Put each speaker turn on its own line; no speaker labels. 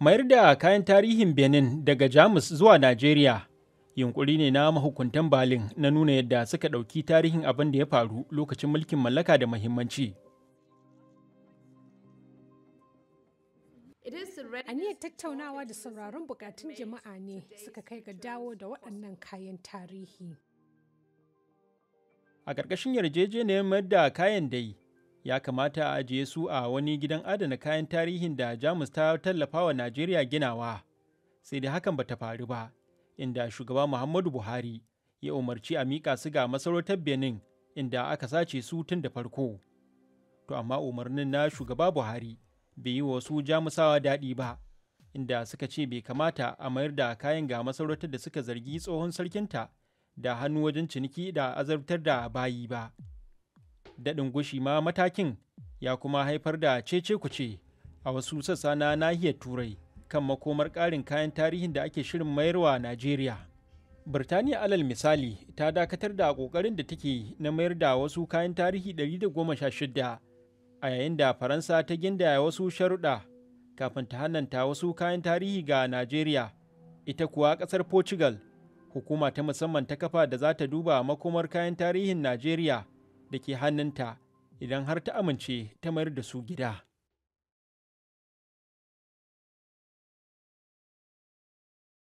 Mayar da kayan tarihin Benin daga Jamus zuwa Najeriya yunkuri ne na mahukuntan balin na nuna yadda suka ɗauki tarihin abin da ya faru lokacin mulkin mallaka da muhimmanci.
Aniyar tattaunawa da sauraron bukatun jama'a ne suka kai ga dawo da waɗannan kayan tarihi.
A ƙarƙashin yarjejeniyar mayar da kayan dai, ya kamata a ajiye su a wani gidan adana kayan tarihin da jamus ta tallafa wa najeriya ginawa sai da hakan bata faru ba inda shugaba muhammadu buhari ya umarci a mika su ga masarautar benin inda aka sace su tun da farko to amma umarnin na shugaba buhari bai yi wasu jamusawa daɗi ba inda suka ce bai kamata a mayar da kayan ga masarautar da suka zargi tsohon sarkinta da hannu wajen ciniki da azabtar da bayi ba. daɗin gushi ma matakin ya kuma haifar da cece kuce a wasu sassa na nahiyar turai kan makomar ƙarin kayan tarihin da ake shirin mayarwa najeriya birtaniya alal misali ta dakatar da ƙoƙarin da take na mayar da wasu kayan tarihi 116 a yayin da faransa ta ginda wasu sharuɗa kafin ta hannanta wasu kayan tarihi ga najeriya ita kuwa ƙasar portugal hukuma ta musamman ta kafa da za ta duba makomar kayan tarihin najeriya da ke hannunta idan har ta amince ta mayar da su gida.